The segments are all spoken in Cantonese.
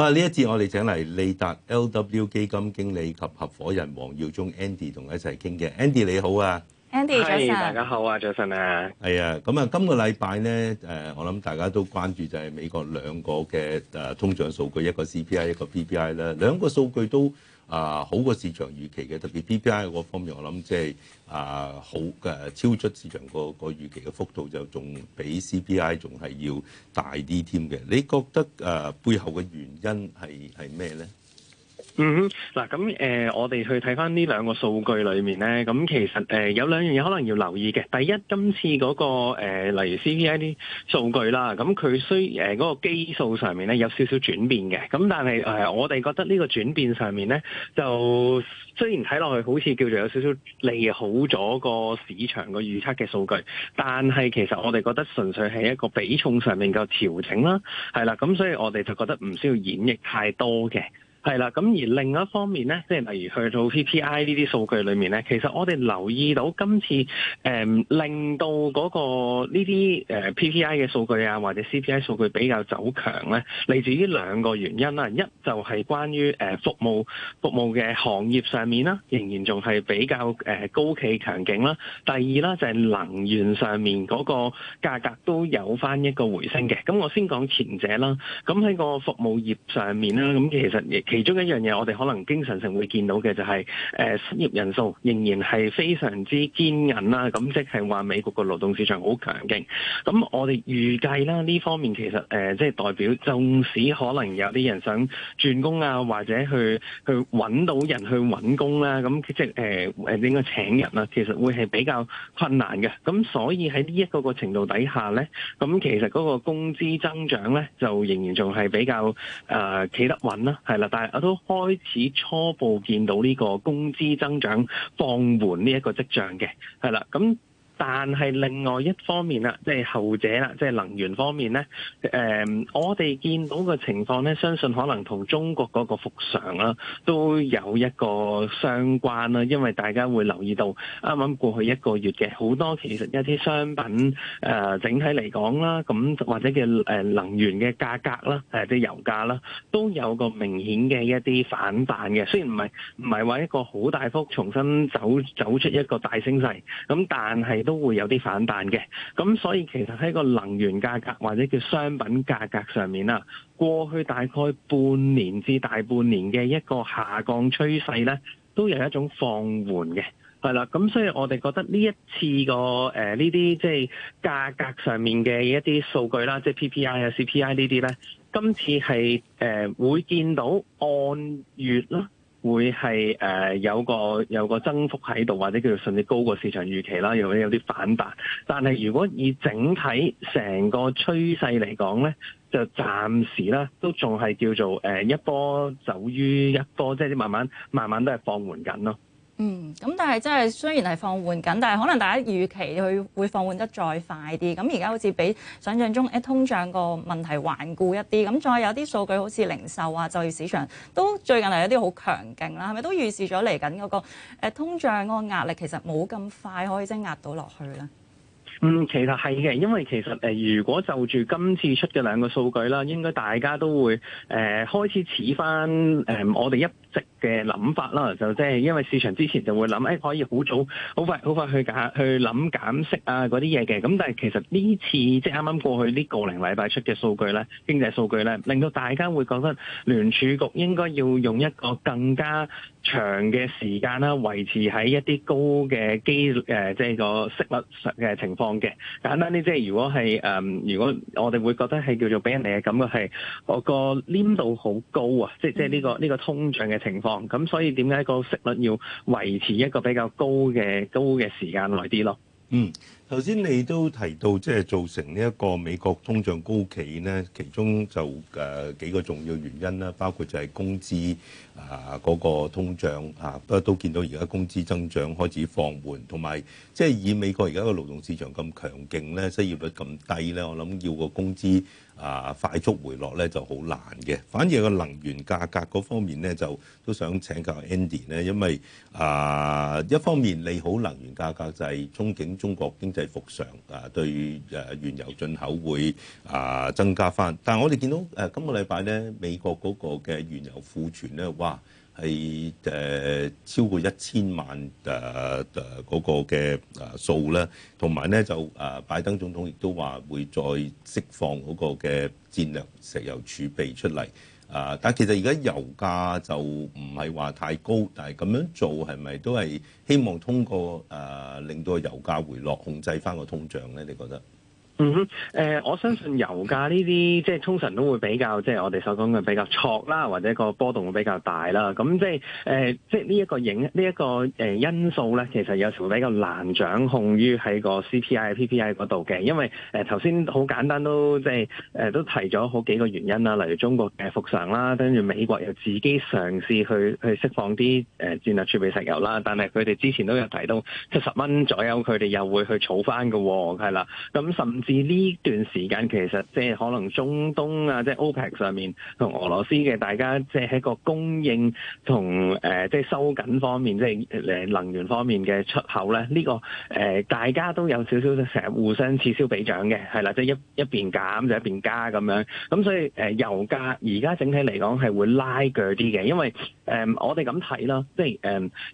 啊！呢一次我哋請嚟利達 LW 基金經理及合伙人黃耀宗 Andy 同佢一齊傾嘅，Andy 你好啊，Andy 早晨，hey, 大家好啊，早晨啊，係啊，咁啊，今個禮拜咧，誒，我諗大家都關注就係美國兩個嘅誒通脹數據，一個 CPI，一個 PPI 啦，兩個數據都。啊，好過市場預期嘅，特別 PPI 個方面，我諗即係啊好嘅、啊，超出市場個個預期嘅幅度就仲比 CPI 仲係要大啲添嘅。你覺得啊背後嘅原因係係咩咧？嗯哼，嗱，咁、呃、誒，我哋去睇翻呢兩個數據裏面咧，咁其實誒、呃、有兩樣嘢可能要留意嘅。第一，今次嗰、嗰個、呃、例如 CPI 啲數據啦，咁佢雖誒嗰、呃嗰個基數上面咧有少少轉變嘅，咁但係誒、呃、我哋覺得呢個轉變上面咧，就雖然睇落去好似叫做有少少利好咗個市場個預測嘅數據，但係其實我哋覺得純粹係一個比重上面嘅調整啦，係啦，咁所以我哋就覺得唔需要演繹太多嘅。係啦，咁而另一方面咧，即係例如去到 PPI 呢啲數據裏面咧，其實我哋留意到今次誒、嗯、令到嗰、嗰個呢啲 PPI 嘅數據啊，或者 CPI 數據比較走強咧，嚟自於兩個原因啦。一就係關於誒服務服務嘅行業上面啦，仍然仲係比較誒高企強勁啦。第二啦，就係、是、能源上面嗰個價格都有翻一個回升嘅。咁我先講前者啦。咁喺個服務業上面啦，咁其實亦～其中一樣嘢，我哋可能經常性會見到嘅就係，呃，失業人數仍然係非常之堅韌啦。咁即係話美國個勞動市場好強勁。咁我哋預計啦，呢方面其實、呃、即係代表，縱使可能有啲人想轉工啊，或者去去揾到人去揾工啦、啊，咁即係誒誒，應該請人啦、啊，其實會係比較困難嘅。咁所以喺呢一個個程度底下咧，咁其實嗰個工資增長咧，就仍然仲係比較誒企得穩啦。係啦，我都開始初步見到呢個工資增長放緩呢一個跡象嘅，係啦，咁。但係另外一方面啦，即係後者啦，即係能源方面呢。誒、嗯，我哋見到嘅情況呢，相信可能同中國嗰個復常啦，都有一個相關啦，因為大家會留意到，啱啱過去一個月嘅好多其實一啲商品誒、呃，整體嚟講啦，咁或者嘅能源嘅價格啦，即係油價啦，都有個明顯嘅一啲反彈嘅，雖然唔係唔係話一個好大幅重新走走出一個大升勢，咁但係，都會有啲反彈嘅，咁所以其實喺個能源價格或者叫商品價格上面啦，過去大概半年至大半年嘅一個下降趨勢咧，都有一種放緩嘅，係啦。咁所以我哋覺得呢一次個誒呢啲即係價格上面嘅一啲數據啦，即係 PPI 啊、CPI 這些呢啲咧，今次係誒、呃、會見到按月啦。會係誒、呃、有個有個增幅喺度，或者叫做甚至高過市場預期啦，又或者有啲反彈。但係如果以整體成個趨勢嚟講咧，就暫時啦都仲係叫做誒、呃、一波走於一波，即、就、係、是、慢慢慢慢都係放緩緊咯。嗯，咁但係真係雖然係放緩緊，但係可能大家預期佢會放緩得再快啲。咁而家好似比想象中誒通脹個問題頑固一啲，咁再有啲數據好似零售啊、就業市場都最近係有啲好強勁啦，係咪都預示咗嚟緊嗰個誒通脹個壓力其實冇咁快可以即係壓到落去咧？嗯，其實係嘅，因為其實誒如果就住今次出嘅兩個數據啦，應該大家都會誒開始似翻誒我哋一。嘅諗法啦，就即係因為市場之前就會諗，誒、哎、可以好早、好快、好快去減去諗減息啊嗰啲嘢嘅。咁但係其實呢次即係啱啱過去個呢個零禮拜出嘅數據咧，經濟數據咧，令到大家會覺得聯儲局應該要用一個更加長嘅時間啦、啊，維持喺一啲高嘅基誒，即、呃、係、就是、個息率嘅情況嘅。簡單啲即係，如果係誒、呃，如果我哋會覺得係叫做俾人哋嘅感覺係，我個黏度好高啊！即係即係呢個呢、這個通脹嘅。情況咁，所以點解個息率要維持一個比較高嘅高嘅時間耐啲咯？嗯。頭先你都提到，即係造成呢一個美國通脹高企呢，其中就誒幾個重要原因啦，包括就係工資啊嗰個通脹啊，不過都見到而家工資增長開始放緩，同埋即係以美國而家個勞動市場咁強勁咧，失業率咁低咧，我諗要個工資啊快速回落咧就好難嘅。反而個能源價格嗰方面呢，就都想請教 Andy 呢，因為啊一方面利好能源價格就係憧憬中國經濟。復常啊，對誒原油進口會啊增加翻，但係我哋見到誒今個禮拜咧，美國嗰個嘅原油庫存咧，哇係、呃、超過一千萬誒嗰、呃呃嗰個嘅數咧，同埋咧就、呃、拜登總統亦都話會再釋放嗰個嘅戰略石油儲備出嚟。啊！但其實而家油價就唔係話太高，但係咁樣做係咪都係希望通過誒、呃、令到油價回落，控制翻個通脹咧？你覺得？嗯哼，誒、呃，我相信油價呢啲即係通常都會比較，即係我哋所講嘅比較錯啦，或者個波動會比較大啦。咁即係、呃、即呢一個影，呢、誒、一個因素咧，其實有時會比較難掌控於喺個 CPI、PPI 嗰度嘅，因為誒頭先好簡單都即係、呃、都提咗好幾個原因啦，例如中國嘅復常啦，跟住美國又自己嘗試去去釋放啲誒戰略儲備石油啦，但係佢哋之前都有提到七十蚊左右，佢哋又會去儲翻嘅、啊，係啦，咁甚至。呢段時間，其實即係可能中東啊，即係 OPEC 上面同俄羅斯嘅大家，即係喺個供應同誒即係收緊方面，即係誒能源方面嘅出口咧。呢個誒大家都有少少成日互相此消彼長嘅，係啦，即係一一邊減就一邊加咁樣。咁所以誒油價而家整體嚟講係會拉鋸啲嘅，因為誒我哋咁睇啦，即係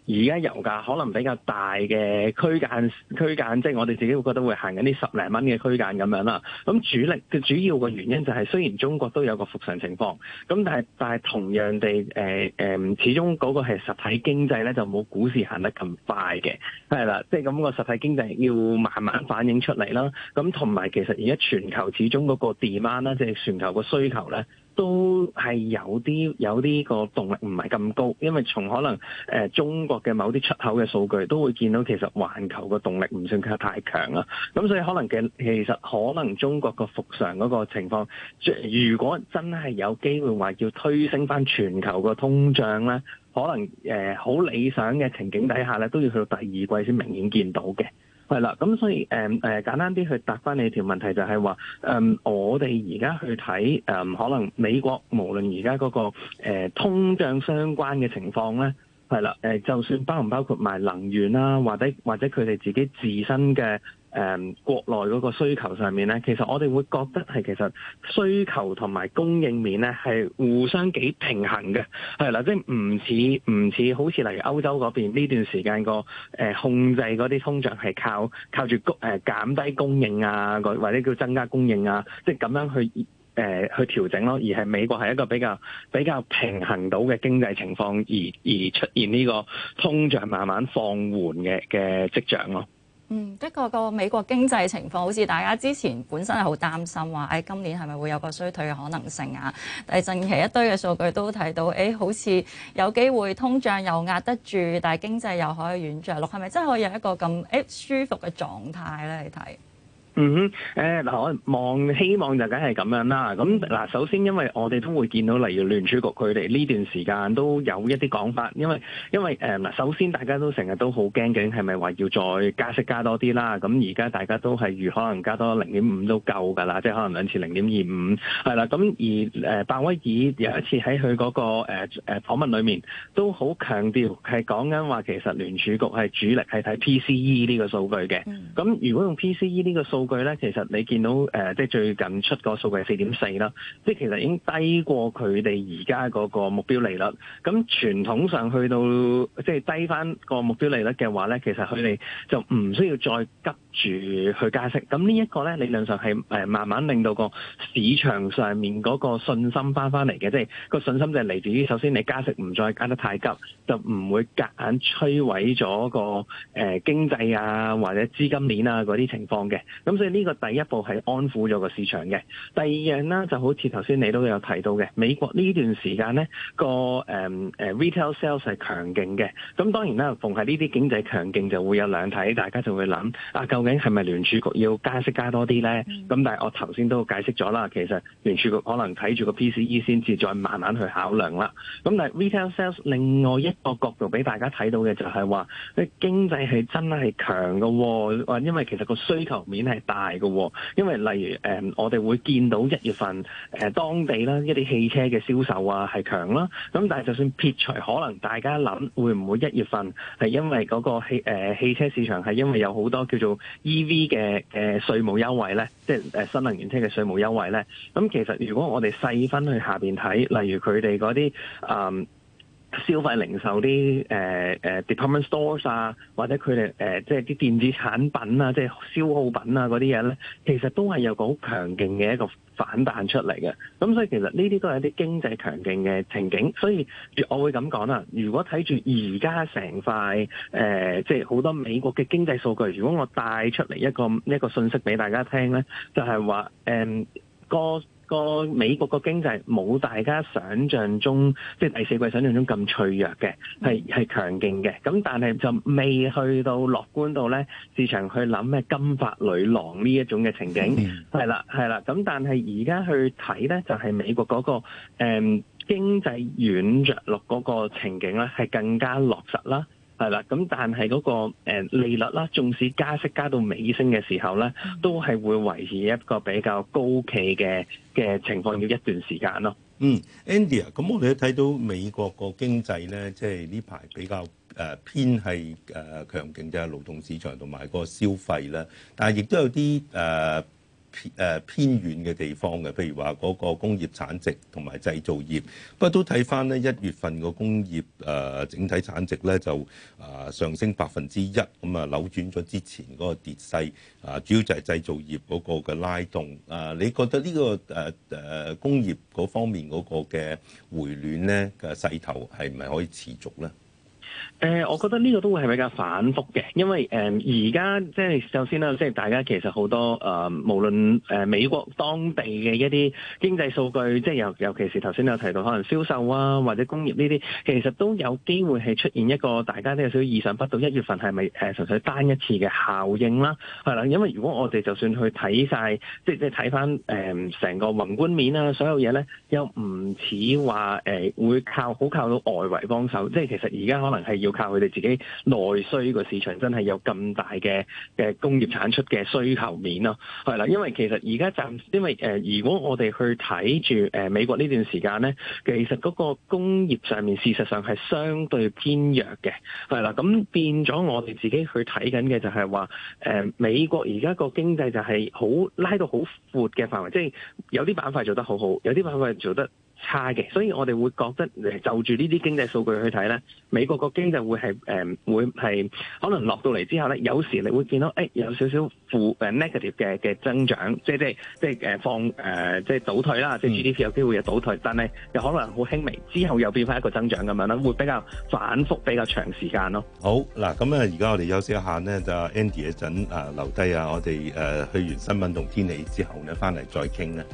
誒而家油價可能比較大嘅區間區間，即係我哋自己會覺得會行緊啲十零蚊嘅區間。咁樣啦，咁主力嘅主要嘅原因就係雖然中國都有個復常情況，咁但係但係同樣地，誒、呃、誒、呃，始終嗰個係實體經濟咧就冇股市行得咁快嘅，係啦，即係咁個實體經濟要慢慢反映出嚟啦。咁同埋其實而家全球始終嗰個 demand 啦，即係全球個需求咧。都係有啲有啲個動力唔係咁高，因為從可能、呃、中國嘅某啲出口嘅數據都會見到，其實環球個動力唔算太強啦、啊。咁所以可能嘅，其實可能中國個復常嗰個情況，如果真係有機會話要推升翻全球個通脹咧，可能誒好、呃、理想嘅情景底下咧，都要去到第二季先明顯見到嘅。係啦，咁所以誒誒、嗯呃、簡單啲去答翻你條問題就，就係話誒我哋而家去睇誒、嗯、可能美國無論而家嗰個、呃、通脹相關嘅情況咧，係啦、呃、就算包唔包括埋能源啦、啊，或者或者佢哋自己自身嘅，誒、嗯、國內嗰個需求上面咧，其實我哋會覺得係其實需求同埋供應面咧係互相幾平衡嘅，係啦，即係唔似唔似好似例如歐洲嗰邊呢段時間、個、呃、控制嗰啲通脹係靠靠住、呃、減低供應啊，或者叫增加供應啊，即係咁樣去、呃、去調整咯，而係美國係一個比較比較平衡到嘅經濟情況而而出現呢個通脹慢慢放緩嘅嘅跡象咯。嗯，不過個美國經濟情況，好似大家之前本身係好擔心話，誒、哎、今年係咪會有個衰退嘅可能性啊？但係近期一堆嘅數據都睇到，誒、哎、好似有機會通脹又壓得住，但係經濟又可以軟着陸，係咪真係可以有一個咁誒、哎、舒服嘅狀態咧？你睇。嗯哼，誒、呃、嗱，我望希望就梗係咁樣啦。咁嗱，首先因為我哋都會見到，例如聯儲局佢哋呢段時間都有一啲講法，因為因為誒，嗱、呃，首先大家都成日都好驚，究竟係咪話要再加息加多啲啦？咁而家大家都係如可能加多零點五都夠㗎啦，即係可能兩次零點二五係啦。咁而誒，鮑、呃、威爾有一次喺佢嗰個誒訪、呃、問裏面都好強調，係講緊話其實聯儲局係主力係睇 PCE 呢個數據嘅。咁、嗯、如果用 PCE 呢個數。據咧，其實你見到誒，即係最近出個數據係四點四啦，即係其實已經低過佢哋而家嗰個目標利率。咁傳統上去到即係、就是、低翻個目標利率嘅話咧，其實佢哋就唔需要再急住去加息，咁呢一個咧理論上係慢慢令到個市場上面嗰個信心返返嚟嘅。即係個信心就係嚟自於首先你加息唔再加得太急，就唔會夾硬摧毀咗個誒經濟啊或者資金鏈啊嗰啲情況嘅。咁所以呢個第一步係安撫咗個市場嘅。第二樣啦就好似頭先你都有提到嘅，美國呢段時間咧個誒 retail sales 係強勁嘅。咁當然啦，逢係呢啲經濟強勁就會有兩睇，大家就會諗啊究係咪聯儲局要加息加多啲呢？咁、嗯、但係我頭先都解釋咗啦，其實聯儲局可能睇住個 PCE 先至再慢慢去考量啦。咁但係 retail sales 另外一個角度俾大家睇到嘅就係話，經濟係真係強嘅喎，因為其實個需求面係大嘅、哦。因為例如、呃、我哋會見到一月份、呃、當地啦一啲汽車嘅銷售啊係強啦。咁但係就算撇除，可能大家諗會唔會一月份係因為嗰個汽、呃、汽車市場係因為有好多叫做 E V 嘅嘅稅務優惠咧，即係誒新能源車嘅稅務優惠咧。咁其實如果我哋細分去下面睇，例如佢哋嗰啲消費零售啲、呃、department stores 啊，或者佢哋誒即係啲電子產品啊，即係消耗品啊嗰啲嘢咧，其實都係有個好強勁嘅一個反彈出嚟嘅，咁所以其實呢啲都係一啲經濟強勁嘅情景，所以我會咁講啦。如果睇住而家成塊誒，即係好多美國嘅經濟數據，如果我帶出嚟一個呢一個信息俾大家聽咧，就係話誒個個美國個經濟冇大家想象中，即係第四季想象中咁脆弱嘅，係係強勁嘅。咁但係就未去到樂觀到咧，市場去諗咩金髮女郎呢一種嘅情景，係啦係啦。咁但係而家去睇咧，就係、係、美國嗰、嗰個誒、嗯、經濟軟著陸嗰個情景咧，係更加落實啦。係啦，咁但係嗰個誒利率啦，縱使加息加到尾聲嘅時候咧，都係會維持一個比較高企嘅嘅情況要一段時間咯。嗯，Andy 啊，咁我哋睇到美國個經濟咧，即係呢排比較誒偏係誒強勁嘅，勞動市場同埋個消費啦，但係亦都有啲誒。誒偏遠嘅地方嘅，譬如話嗰個工業產值同埋製造業，不過都睇翻呢一月份個工業誒整體產值咧就誒上升百分之一，咁啊扭轉咗之前嗰個跌勢，啊主要就係製造業嗰個嘅拉動。啊，你覺得呢個誒誒工業嗰方面嗰個嘅回暖咧嘅勢頭係唔係可以持續咧？誒、呃，我覺得呢個都會係比較反覆嘅，因為誒而家即係首先啦，即係大家其實好多誒、呃，無論誒、呃、美國當地嘅一啲經濟數據，即係尤尤其是頭先有提到可能銷售啊或者工業呢啲，其實都有機會係出現一個大家都有少少意想不到，一月份係咪誒純粹單一次嘅效應啦？係啦，因為如果我哋就算去睇晒，即係即係睇返誒成個宏觀面啦，啊，所有嘢咧又唔似話誒會靠好靠到外圍幫手，即係其實而家可能。係要靠佢哋自己內需個市場，真係有咁大嘅嘅工業產出嘅需求面咯，係啦。因為其實而家暫時因為誒，如果我哋去睇住誒美國呢段時間咧，其實嗰個工業上面事實上係相對偏弱嘅，係啦。咁變咗我哋自己去睇緊嘅就係話，誒美國而家個經濟就係好拉到好闊嘅範圍，即係有啲板塊做得好好，有啲板塊做得差嘅，所以我哋會覺得就住呢啲經濟數據去睇咧，美國個經濟會係誒會係可能落到嚟之後咧，有時你會見到誒、哎、有少少負誒 negative 嘅嘅增長，即係即係即係誒放誒、呃、即係倒退啦，即係 GDP 有機會有倒退，但係又可能好輕微，之後又變翻一個增長咁樣啦，會比較反覆比較長時間咯。好嗱，咁啊，而家我哋休息一下咧，就 Andy 一陣啊留低啊，我哋誒去完新聞同天氣之後咧，翻嚟再傾咧。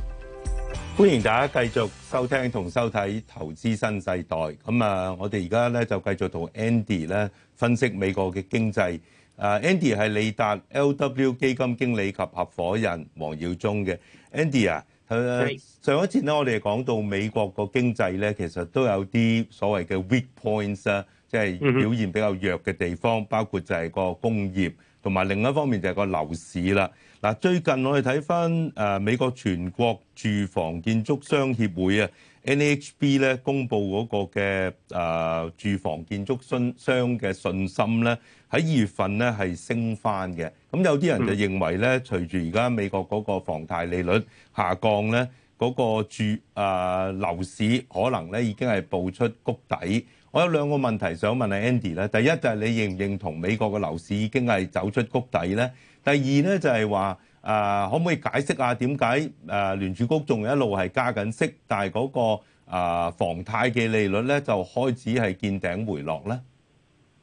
歡迎大家繼續收聽同收睇《投資新世代》。咁啊，我哋而家咧就繼續同 Andy 咧分析美國嘅經濟。啊，Andy 係利達 LW 基金經理及合伙人黃耀宗嘅 Andy 啊。係上一次咧，我哋講到美國個經濟咧，其實都有啲所謂嘅 weak points 啊，即係表現比較弱嘅地方，包括就係個工業，同埋另一方面就係個樓市啦。嗱，最近我哋睇翻誒美國全國住房建築商協會啊 NHB 咧，公布嗰個嘅誒住房建築商嘅信心咧，喺二月份咧係升翻嘅。咁有啲人就認為咧，隨住而家美國嗰個房貸利率下降咧，嗰個住誒、啊、樓市可能咧已經係步出谷底。我有兩個問題想問下 Andy 咧，第一就係你認唔認同美國嘅樓市已經係走出谷底咧？第二咧就係話、啊，可唔可以解釋下啊點解誒聯儲局仲一路係加緊息，但係嗰、嗰個、啊、房貸嘅利率咧就開始係見頂回落咧？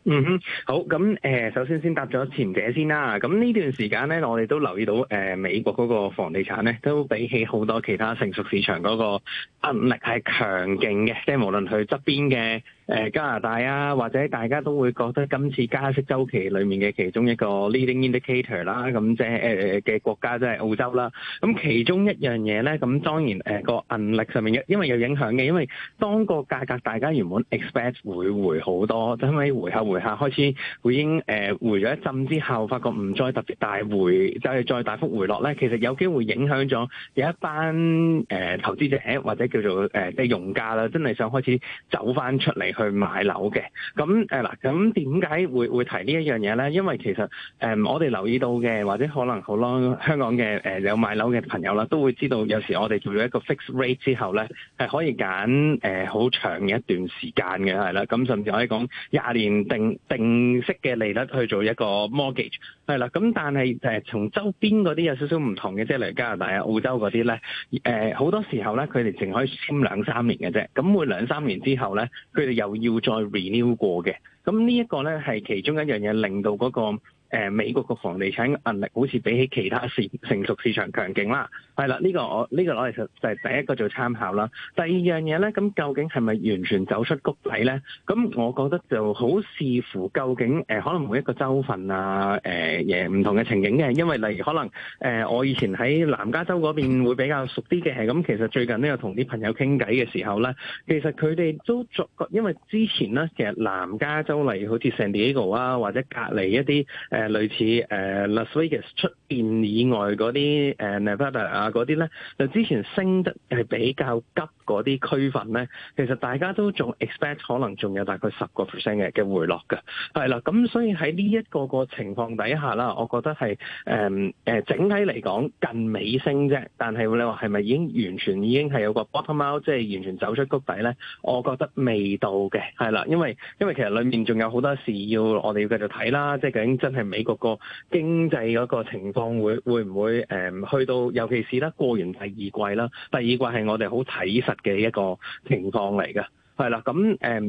嗯哼，好，咁首先先答咗前者先啦。咁呢段時間咧，我哋都留意到、啊、美國嗰個房地產咧，都比起好多其他成熟市場嗰個壓力係強勁嘅，即係無論佢側邊嘅。誒、呃、加拿大啊，或者大家都會覺得今次加息周期裏面嘅其中一個 leading indicator 啦，咁即係嘅國家即係澳洲啦。咁其中一樣嘢咧，咁當然誒個銀率上面因為有影響嘅，因為當個價格大家原本 expect 會回好多，就因為回下回下開始會已經誒回咗一陣之後發覺唔再特別大回，就係、是、再大幅回落咧，其實有機會影響咗有一班誒、呃、投資者或者叫做誒嘅、呃、用家啦，真係想開始走翻出嚟。去買樓嘅咁嗱，咁點解會會提呢一樣嘢咧？因為其實誒、嗯、我哋留意到嘅，或者可能好咯，香港嘅、呃、有買樓嘅朋友啦，都會知道有時我哋做咗一個 fixed rate 之後咧，係可以揀誒好長嘅一段時間嘅，係啦。咁甚至可以講廿年定定息嘅利率去做一個 mortgage，係啦。咁但係、呃、從周邊嗰啲有少少唔同嘅，即係例如加拿大啊、澳洲嗰啲咧，誒、呃、好多時候咧佢哋淨可以簽兩三年嘅啫。咁每兩三年之後咧，佢哋又要再 renew 過嘅，咁呢一個咧係其中一樣嘢令到嗰、那個。誒、呃、美國個房地產壓力好似比起其他市成熟市場強勁啦，係啦，呢、呢個我呢、呢個攞嚟、呢個、就就係第一個做參考啦。第二樣嘢咧，咁究竟係咪完全走出谷底咧？咁我覺得就好視乎究竟誒、呃，可能每一個州份啊，誒嘢唔同嘅情景嘅。因為例如可能誒、呃，我以前喺南加州嗰邊會比較熟啲嘅，係咁。其實最近都有同啲朋友傾偈嘅時候咧，其實佢哋都作個，因為之前咧，其實南加州例如好似 San Diego 啊，或者隔籬一啲誒。呃誒、呃、類似誒、呃、Las Vegas 出面以外嗰啲誒 Nevada 啊嗰啲咧，就之前升得係比較急嗰啲區份咧，其實大家都仲 expect 可能仲有大概十個 percent 嘅嘅回落㗎，係啦，咁所以喺呢一個個情況底下啦，我覺得係誒、呃、整體嚟講近尾升啫，但係你話係咪已經完全已經係有個 bottom out 即係完全走出谷底咧？我覺得未到嘅，係啦，因為因為其實裏面仲有好多事要我哋要繼續睇啦，即係究竟真係。美國個經濟嗰個情況會會唔會誒、嗯、去到尤其是咧，過完第二季啦，第二季係我哋好睇實嘅一個情況嚟㗎，係啦，咁誒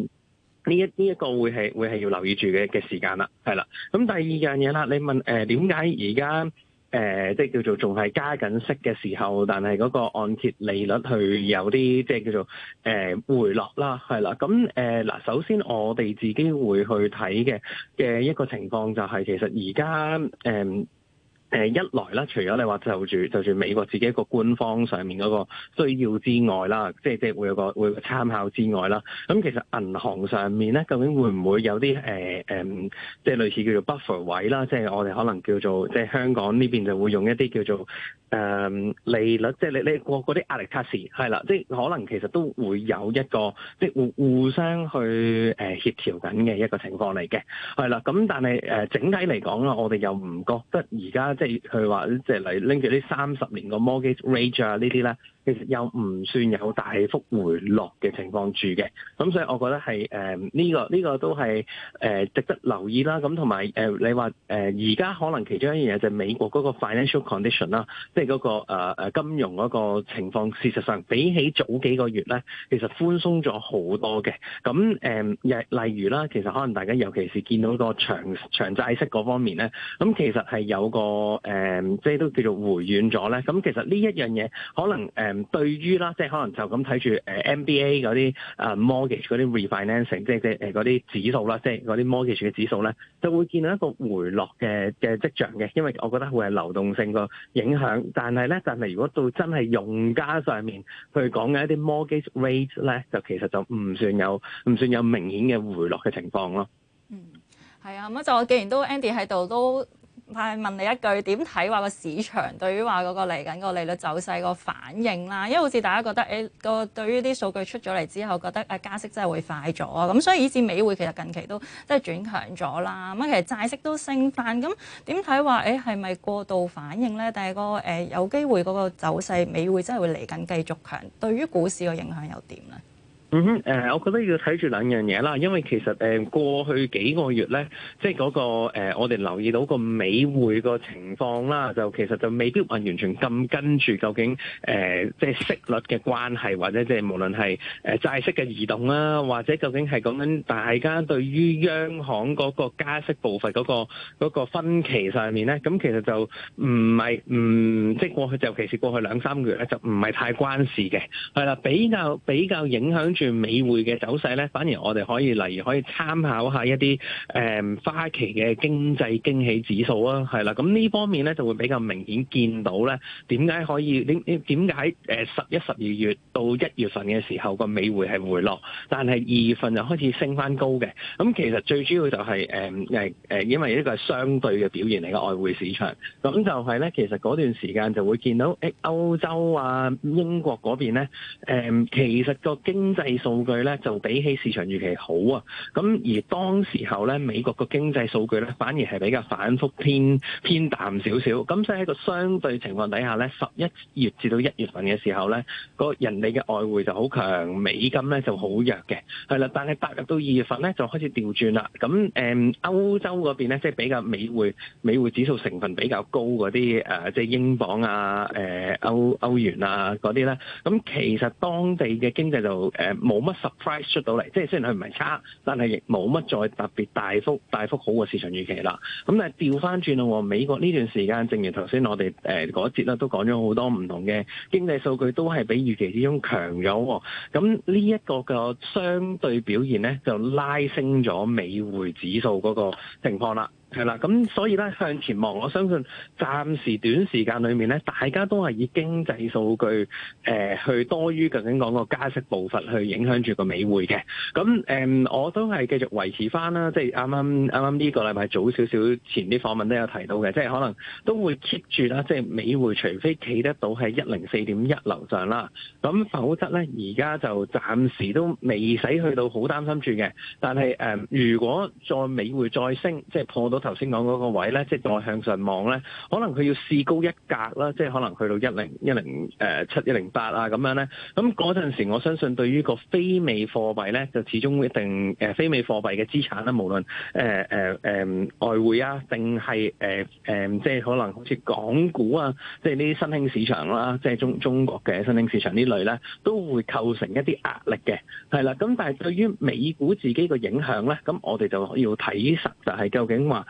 呢一呢一個會係會係要留意住嘅嘅時間啦，係啦，咁第二樣嘢啦，你問誒點解而家？呃誒、呃，即係叫做仲係加緊息嘅時候，但係嗰個按揭利率去有啲即係叫做誒、呃、回落啦，係啦。咁誒嗱，首先我哋自己會去睇嘅嘅一個情況就係，其實而家誒。呃誒一來啦，除咗你話就住就住美國自己一個官方上面嗰個需要之外啦，即係即係會有個會參考之外啦。咁其實銀行上面咧，究竟會唔會有啲誒、呃呃、即係類似叫做 buffer 位啦，即係我哋可能叫做即係香港呢邊就會用一啲叫做誒利率，即係你你我嗰啲壓力測試係啦，即係可能其實都會有一個即係互互相去誒協調緊嘅一個情況嚟嘅，係啦。咁但係誒整體嚟講啦，我哋又唔覺得而家。即係佢話，即係嚟拎住呢三十年個 mortgage rate 啊，呢啲咧。其實又唔算有大幅回落嘅情況住嘅，咁所以我覺得係誒呢個呢、這個都係誒、呃、值得留意啦。咁同埋誒你話誒而家可能其中一樣嘢就係美國嗰個 financial condition 啦，即係嗰個誒、呃、金融嗰個情況，事實上比起早幾個月咧，其實寬鬆咗好多嘅。咁例、呃、例如啦，其實可能大家尤其是見到個長長債息嗰方面咧，咁其實係有個誒、呃、即係都叫做回軟咗咧。咁其實呢一樣嘢可能、呃嗯、對於啦，即係可能就咁睇住誒 MBA 嗰啲 mortgage 啲 refinancing，即係即係誒嗰啲指數啦，即係嗰啲 mortgage 嘅指數咧，就會見到一個回落嘅嘅跡象嘅，因為我覺得會係流動性個影響。但係咧，但係如果到真係用家上面去講嘅一啲 mortgage rate 咧，就其實就唔算有唔算有明顯嘅回落嘅情況咯。嗯，係啊，咁就我既然都 Andy 喺度都。係問你一句點睇話個市場對於話嗰個嚟緊個利率走勢個反應啦？因為好似大家覺得誒個對於啲數據出咗嚟之後覺得誒加息真係會快咗，咁所以以至美匯其實近期都即係轉強咗啦。咁其實債息都升翻，咁點睇話誒係咪過度反應咧？但係、嗰個誒、呃、有機會嗰個走勢美匯真係會嚟緊繼續強，對於股市個影響又點咧？嗯哼，誒、呃、我覺得要睇住兩樣嘢啦，因為其實誒、呃、過去幾個月咧，即係、那、嗰個誒、呃，我哋留意到那個美匯個情況啦，就其實就未必話完全咁跟住，究竟誒、呃、即係息率嘅關係，或者即係無論係誒債息嘅移動啦，或者究竟係講緊大家對於央行嗰個加息步伐嗰個嗰、那個分歧上面咧，咁其實就唔係唔即係過去，尤其是過去兩三個月咧，就唔係太關事嘅，係啦，比較比較影響。住美匯嘅走勢咧，反而我哋可以例如可以參考一下一啲誒、嗯、花旗嘅經濟驚喜指數啊，係啦，咁呢方面咧就會比較明顯見到咧點解可以點點解誒十一十二月到一月份嘅時候個美匯係回落，但係二月份就開始升翻高嘅。咁其實最主要就係誒誒誒因為呢個係相對嘅表現嚟嘅外匯市場，咁就係咧，其實嗰段時間就會見到誒歐洲啊、英國嗰邊咧誒其實個經濟。數據咧就比起市場預期好啊，咁而當時候咧美國個經濟數據咧反而係比較反覆偏偏淡少少，咁所以喺個相對情況底下咧，十一月至到一月份嘅時候咧，個人哋嘅外匯就好強，美金咧就好弱嘅，係啦，但係踏入到二月份咧就開始調轉啦，咁誒歐洲嗰邊咧即係比較美匯美匯指數成分比較高嗰啲誒即係英鎊啊誒歐歐元啊嗰啲咧，咁其實當地嘅經濟就誒。呃冇乜 surprise 出到嚟，即係雖然佢唔係差，但係亦冇乜再特別大幅大幅好嘅市場預期啦。咁但係調翻轉喎，美國呢段時間，正如頭先我哋嗰節啦，都講咗好多唔同嘅經濟數據，都係比預期之中強咗。咁呢一個嘅相對表現咧，就拉升咗美匯指數嗰個情況啦。係啦，咁所以咧向前望，我相信暫時短時間裏面咧，大家都係以經濟數據誒、呃、去多於，究竟講個加息步伐去影響住個美匯嘅。咁誒、嗯，我都係繼續維持翻啦，即係啱啱啱啱呢個禮拜早少少前啲訪問都有提到嘅，即係可能都會 keep 住啦，即係美匯，除非企得到喺一零四點一樓上啦，咁否則咧，而家就暫時都未使去到好擔心住嘅。但係誒、嗯，如果再美匯再升，即係破到。頭先講嗰個位咧，即係我向上望咧，可能佢要試高一格啦，即係可能去到一零一零誒七一零八啊咁樣咧。咁嗰陣時，我相信對於個非美貨幣咧，就始終一定誒非美貨幣嘅資產啦，無論誒誒誒外匯啊，定係誒誒，即係可能好似港股啊，即係呢啲新興市場啦，即係中中國嘅新興市場呢類咧，都會構成一啲壓力嘅，係啦。咁但係對於美股自己個影響咧，咁我哋就要睇實就係、是、究竟話。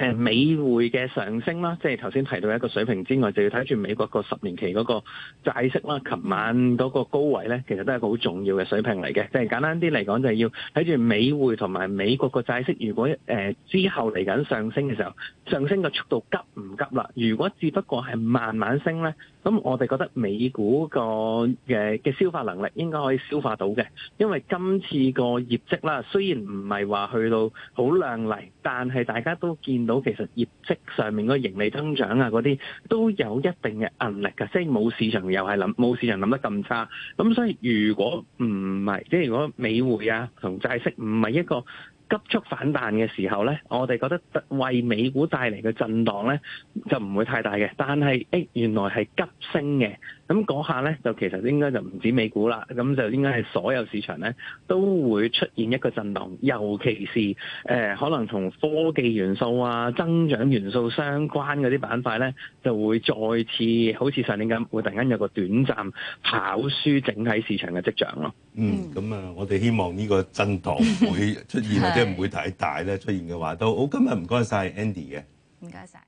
誒美匯嘅上升啦，即係頭先提到一個水平之外，就要睇住美國個十年期嗰個債息啦。琴晚嗰個高位咧，其實都係一個好重要嘅水平嚟嘅。就係簡單啲嚟講，就係要睇住美匯同埋美國個債息。如果誒、呃、之後嚟緊上升嘅時候，上升嘅速度急唔急啦？如果只不過係慢慢升咧，咁我哋覺得美股個嘅嘅消化能力應該可以消化到嘅，因為今次個業績啦，雖然唔係話去到好靚麗。但係大家都見到，其實業績上面個盈利增長啊，嗰啲都有一定嘅壓力嘅，即係冇市場又係諗冇市場諗得咁差。咁所以如果唔係，即係如果美匯啊同債息唔係一個急速反彈嘅時候呢，我哋覺得為美股帶嚟嘅震盪呢就唔會太大嘅。但係，欸，原來係急升嘅。咁嗰下咧，就其實應該就唔止美股啦，咁就應該係所有市場咧都會出現一個震盪，尤其是誒、呃、可能同科技元素啊、增長元素相關嗰啲板塊咧，就會再次好似上年咁，會突然間有個短暫跑輸整體市場嘅跡象咯。嗯，咁啊，我哋希望呢個震盪會出現 或者唔會太大咧出現嘅話都，都好。今日唔該晒 Andy 嘅，唔該晒。